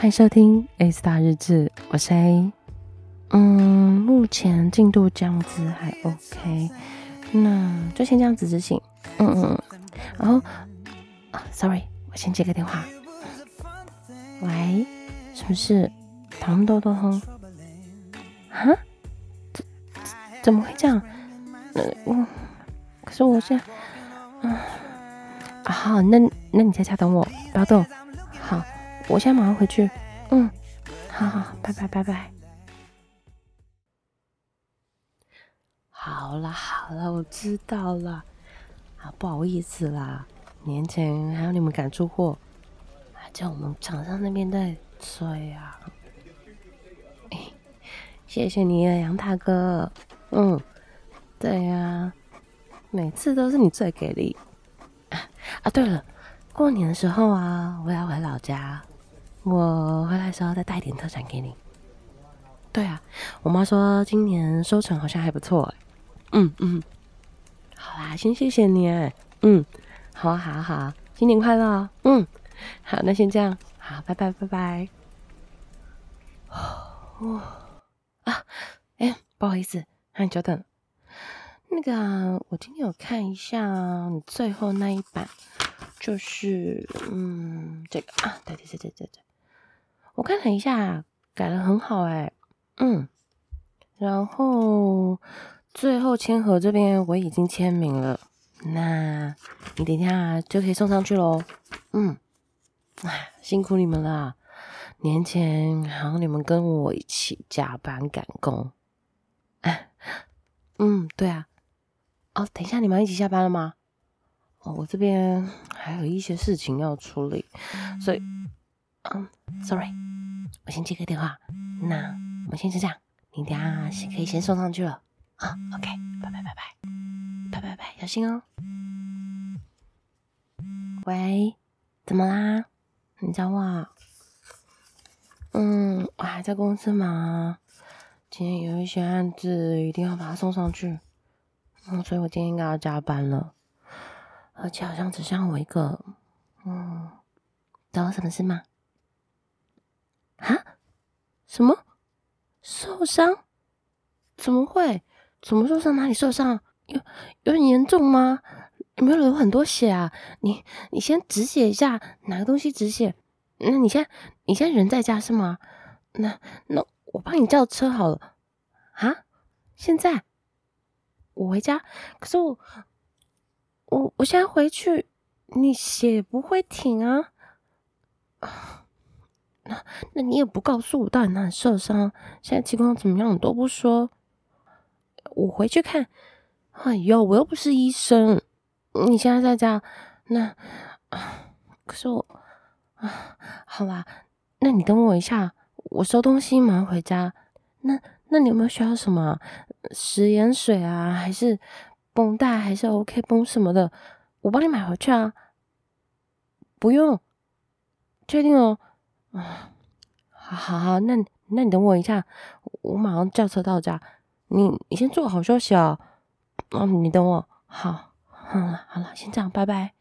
歡迎收聽《Astar 日誌》，我是 A。嗯，目前進度這樣子還 OK，那就先這樣子執行。嗯嗯，然後啊，Sorry，我先接個電話。喂，什麼事？糖多多，哼，啊？怎怎麼會這樣？我、呃嗯、可是我現在、嗯，啊，好，那那你在家等我，不要動。我現在馬上回去。嗯，好好，拜拜拜拜。好了好了，我知道了。啊，不好意思啦，年前還有你們趕出貨，啊，叫我們廠商那邊在催呀。謝謝你，啊，楊大哥。嗯，對呀，啊，每次都是你最給力。啊，啊對了，過年的時候啊，我要回老家。我回來的時候再帶點特產給你。對啊，我媽說今年收成好像還不錯。嗯嗯，好啦，先謝謝你。嗯，好啊，好啊，好啊，新年快樂哦。嗯，好，那先這樣，好，拜拜拜拜。哦，啊，哎，不好意思，讓你久等了。那個，我今天有看一下你最後那一版，就是，嗯，這個啊，對對對對對對。我看了一下，改得很好哎、欸，嗯，然後最後簽合這邊我已經簽名了，那你等一下就可以送上去嘍。嗯，哎，辛苦你們了，年前好像你們跟我一起加班趕工，哎，嗯，對啊，哦，等一下你們一起下班了嗎？哦，我這邊還有一些事情要處理，所以，嗯，sorry。我先接個電話，那我先就這樣，你等下先可以先送上去了啊。OK，拜拜拜拜拜拜拜，小心哦。喂，怎麼啦？你找我？嗯，我還在公司嘛，今天有一些案子一定要把它送上去，嗯，所以我今天應該要加班了，而且好像只剩我一個，嗯，找我什麼事嗎？什麼受傷？怎麼會？怎麼受傷？哪裡受傷？有有點嚴重嗎？有沒有流很多血啊？你你先止血一下，拿個東西止血。那你現在你現在人在家是嗎？那那我幫你叫車好了。啊，現在我回家，可是我我我現在回去，你血不會停啊。呃那，那你也不告訴我，到底哪裡受傷？現在情況怎麼樣？你都不說，我回去看。哎呦，我又不是醫生。你現在在家，那……啊、可是我……啊，好吧，那你等我一下，我收東西，馬上回家。那……那你有沒有需要什麼食鹽水啊，還是繃帶，還是 OK 繃什麼的？我幫你買回去啊。不用，確定哦。啊，好好，好，那那你等我一下，我馬上叫車到家。你你先坐好休息哦。哦、嗯，你等我，好，好了好了，先這樣，拜拜。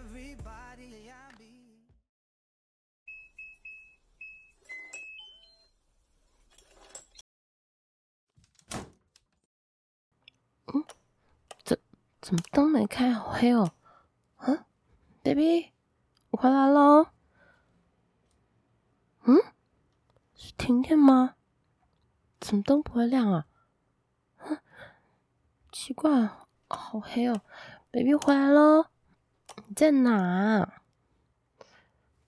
嗯，怎怎麼燈沒開？好黑哦！啊，baby，我回來嘍。嗯，是停電嗎？怎麼燈不會亮啊？哼、啊，奇怪啊，好黑哦，baby 回來嘍。你在哪、啊？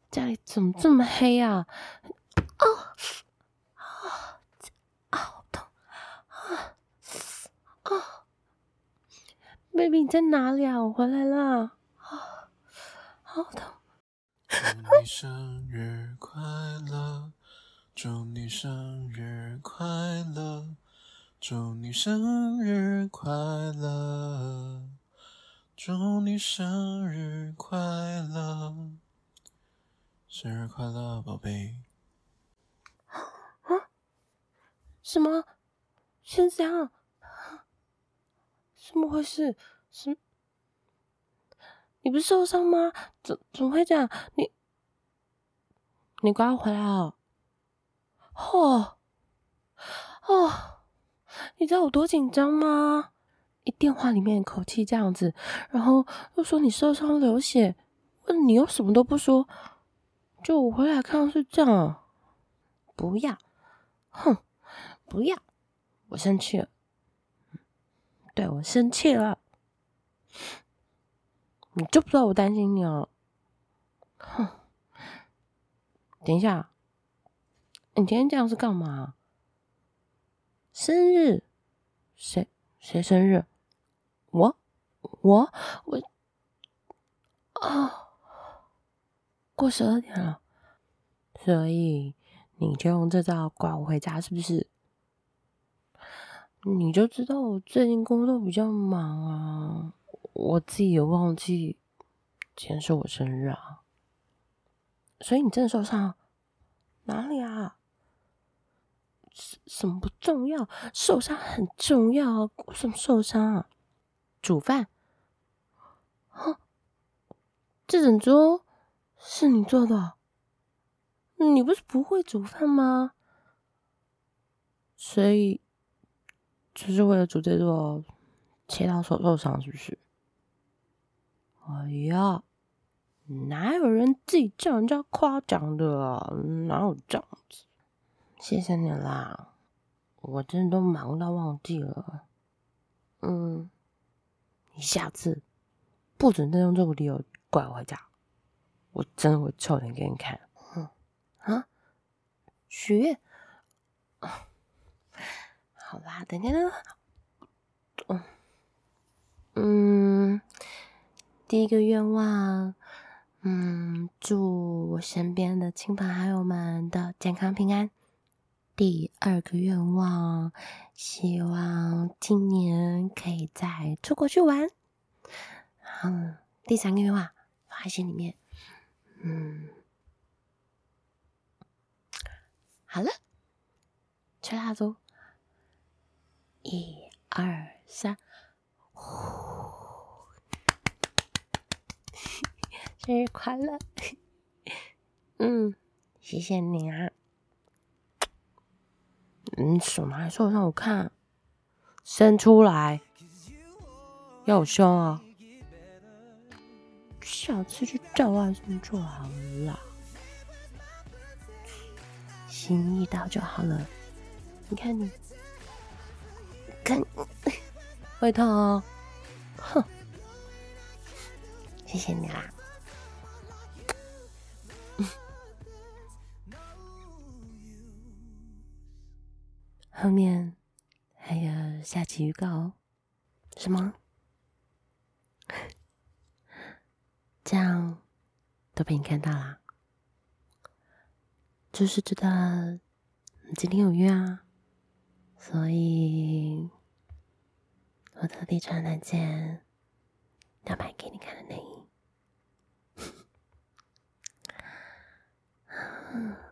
家裡怎麼這麼黑啊？啊，哦、啊，啊，痛啊！啊 baby 你在哪裡呀、啊？我回來了，好、啊，好疼。祝你生日快樂 祝你生日快樂，生日快樂，寶貝！啊？什麼？現在啊？怎麼回事？什麼？你不是受傷嗎？怎麼怎麼會這樣？你你快回來哦！吼！哦！你知道我多緊張嗎？一電話裡面口氣這樣子，然後又說你受傷流血，問你又什麼都不說，就我回來看到是這樣，不要，哼，不要，我生氣了，對，我生氣了，你就不知道我擔心你啊。哼，等一下，你今天這樣是幹嘛？生日？誰？誰生日？我，我，我，啊！過十二點了，所以你就用這招拐我回家是不是？你就知道我最近工作比較忙啊，我自己也忘記今天是我生日啊，所以你真的受傷哪裡啊？什麼不重要？受傷很重要啊。什麼受傷啊？煮飯？哼，這整桌是你做的？你不是不會煮飯嗎？所以，就是為了煮這桌，切到手受傷是不是？哎呀，哪有人自己叫人家誇獎的啊？哪有這樣子？謝謝你啦。我真的都忙到忘記了，嗯，你下次不准再用這個理由拐我回家，我真的會臭臉給你看嗯。嗯啊，許願、哦，好啦，等一下等嗯，第一個願望，嗯，祝我身邊的親朋好友們的健康平安。第二個願望，希望今年可以再出國去玩。嗯，第三個願望放在心裡面。嗯，好了，吹蠟燭，一、二、三，呼！ 生日快樂！嗯，謝謝你啊。你、嗯、手拿來說讓我看，伸出來，要凶啊、哦！下次就叫外送做好了，心意到就好了。你看你，看，會痛哦。哼，謝謝你啦、啊。嗯後面還有下期預告哦，什麼？ 這樣都被你看到啦，就是知道你今天有約啊，所以我特地穿了件要買給你看的內衣。